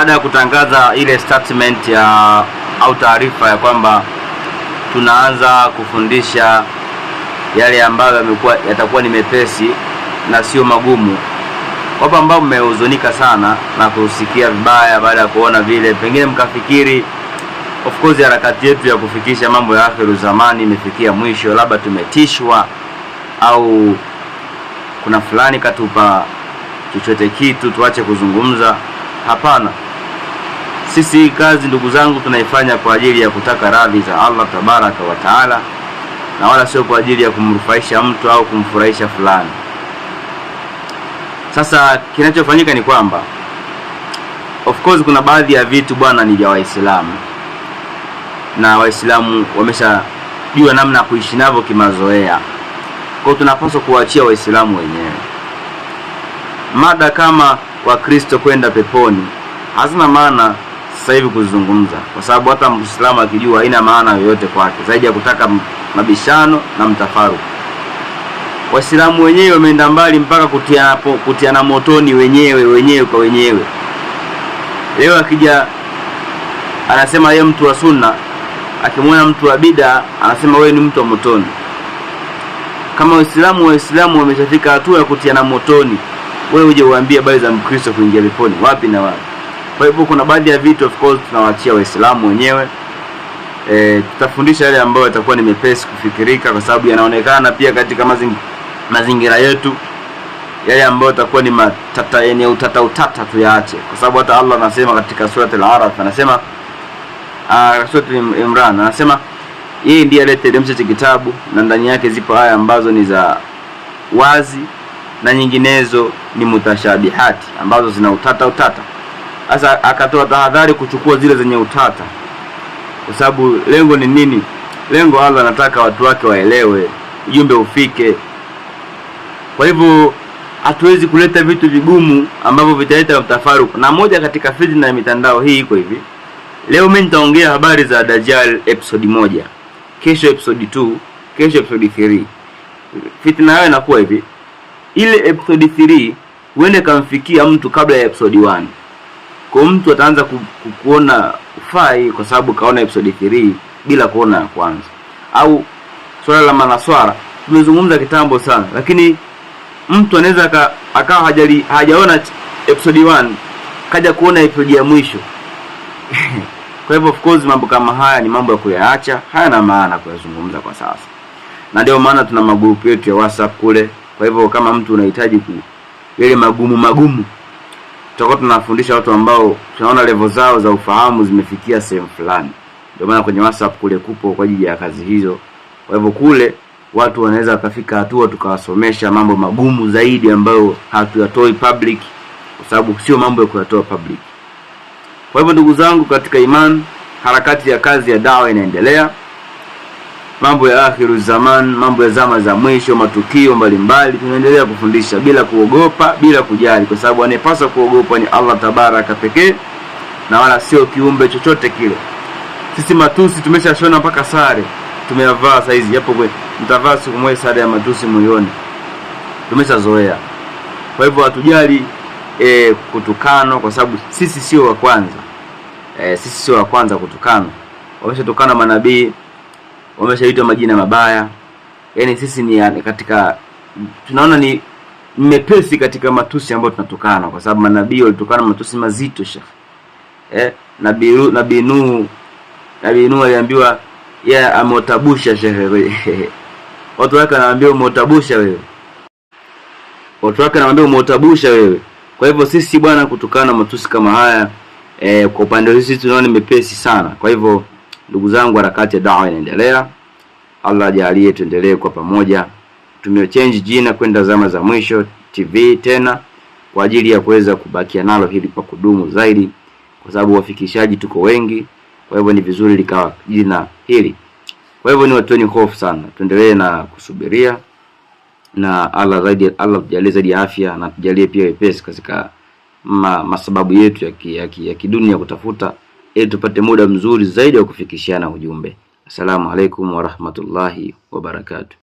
baada ya kutangaza ile statement ya au taarifa ya kwamba tunaanza kufundisha yale ambayo yamekuwa yatakuwa ni mepesi na sio magumu. Wapo ambao mmehuzunika sana na kusikia vibaya baada ya kuona vile, pengine mkafikiri of course harakati yetu ya kufikisha mambo ya akhiru zamani imefikia mwisho, labda tumetishwa au kuna fulani katupa chochote kitu tuache kuzungumza. Hapana. Sisi hii kazi ndugu zangu, tunaifanya kwa ajili ya kutaka radhi za Allah tabaraka wa taala, na wala sio kwa ajili ya kumrufaisha mtu au kumfurahisha fulani. Sasa kinachofanyika ni kwamba of course kuna baadhi ya vitu bwana ni vya Waislamu na Waislamu wameshajua namna ya kuishi navyo kimazoea, kwa tunapaswa kuwaachia Waislamu wenyewe. Mada kama Wakristo kwenda peponi hazina maana sasa hivi kuzungumza, kwa sababu hata Muislamu akijua haina maana yoyote kwake zaidi ya kutaka mabishano na mtafaruku. Waislamu wenyewe wameenda mbali mpaka kutiana, kutiana motoni wenyewe wenyewe kwa wenyewe. Leo akija anasema yeye mtu wa sunna, akimwona mtu wa bida anasema wewe ni mtu wa motoni. Kama Waislamu Waislamu wameshafika hatua ya kutiana motoni, wewe uje uambie habari za Mkristo kuingia peponi, wapi na wapi? Kwa hivyo kuna baadhi ya vitu of course tunawaachia Waislamu wenyewe. E, tutafundisha yale ambayo yatakuwa ni mepesi kufikirika, kwa sababu yanaonekana pia katika mazing, mazingira yetu yale ambayo yatakuwa ni matata yenye utata utata tuyaache, kwa sababu hata Allah anasema katika surat al-Araf anasema uh, surat Imran anasema yeye ndiye aliyeteremsha kitabu na ndani yake zipo aya ambazo ni za wazi na nyinginezo ni mutashabihati ambazo zina utata utata. Sasa akatoa tahadhari kuchukua zile zenye utata, kwa sababu lengo ni nini? Lengo Allah anataka watu wake waelewe, ujumbe ufike. Kwa hivyo hatuwezi kuleta vitu vigumu ambavyo vitaleta mtafaruku. Na moja katika fitna ya mitandao hii iko hivi. Leo mimi nitaongea habari za Dajjal episode moja, kesho episode 2, kesho episode 3. Fitna yao inakuwa hivi, ile episode 3 huende kamfikia mtu kabla ya episode 1. Kwa mtu ataanza ku, kuona ufai kwa sababu kaona episode 3 bila kuona ya kwanza. Au swala la manaswara tumezungumza kitambo sana, lakini mtu anaweza akawa hajali hajaona episode 1 kaja kuona episode ya mwisho Kwa hivyo of course mambo kama haya ni mambo ya kuyaacha, hayana maana kuyazungumza kwa sasa, na ndio maana tuna magrupu yetu ya WhatsApp kule. Kwa hivyo kama mtu unahitaji ku yale magumu magumu tutakuwa tunawafundisha watu ambao tunaona level zao za ufahamu zimefikia sehemu fulani. Ndio maana kwenye WhatsApp kule kupo kwa ajili ya kazi hizo. Kwa hivyo kule watu wanaweza wakafika hatua tukawasomesha mambo magumu zaidi ambayo hatuyatoi public, kwa sababu sio mambo ya kuyatoa public. Kwa hivyo ndugu zangu katika imani, harakati ya kazi ya dawa inaendelea mambo ya akhiru zaman, mambo ya zama za mwisho, matukio mbalimbali. Tunaendelea kufundisha bila kuogopa, bila kujali, kwa sababu anayepaswa kuogopa ni Allah tabaraka pekee na wala sio kiumbe chochote kile. Sisi matusi tumeshashona mpaka sare tumeyavaa saa hizi, japo mtavaa siku moja sare ya matusi moyoni, tumeshazoea. Kwa hivyo hatujali e, kutukanwa kwa sababu sisi sio wa kwanza e, sisi sio wa kwanza kutukanwa, wameshatukana manabii wameshaitwa majina mabaya. Yaani sisi ni katika tunaona ni mmepesi katika matusi ambayo tunatukana, kwa sababu manabii walitukana matusi mazito shekh. Eh, nabii Nuhu nabii Nuhu aliambiwa yeah, ameotabusha shehe. watu wake wanaambia umeotabusha wewe, watu wake wanaambia umeotabusha wewe. Kwa hivyo sisi bwana, kutukana matusi kama haya eh, kwa upande wetu sisi tunaona ni mepesi sana, kwa hivyo Ndugu zangu, harakati ya dawa inaendelea. Allah ajalie tuendelee kwa pamoja. Tumio change jina kwenda Zama za Mwisho TV tena kwa ajili ya kuweza kubakia nalo hili kwa kudumu zaidi, kwa sababu wafikishaji tuko wengi, kwa hivyo ni vizuri likawa jina hili. Kwa hivyo ni watoni hofu sana, tuendelee na kusubiria na Allah zaidi, Allah tujalie zaidi ya afya na tujalie pia wepesi katika ma, masababu yetu ya kidunia ya ki, ya kutafuta ili tupate muda mzuri zaidi wa kufikishana ujumbe. Assalamu alaikum warahmatullahi wabarakatuh.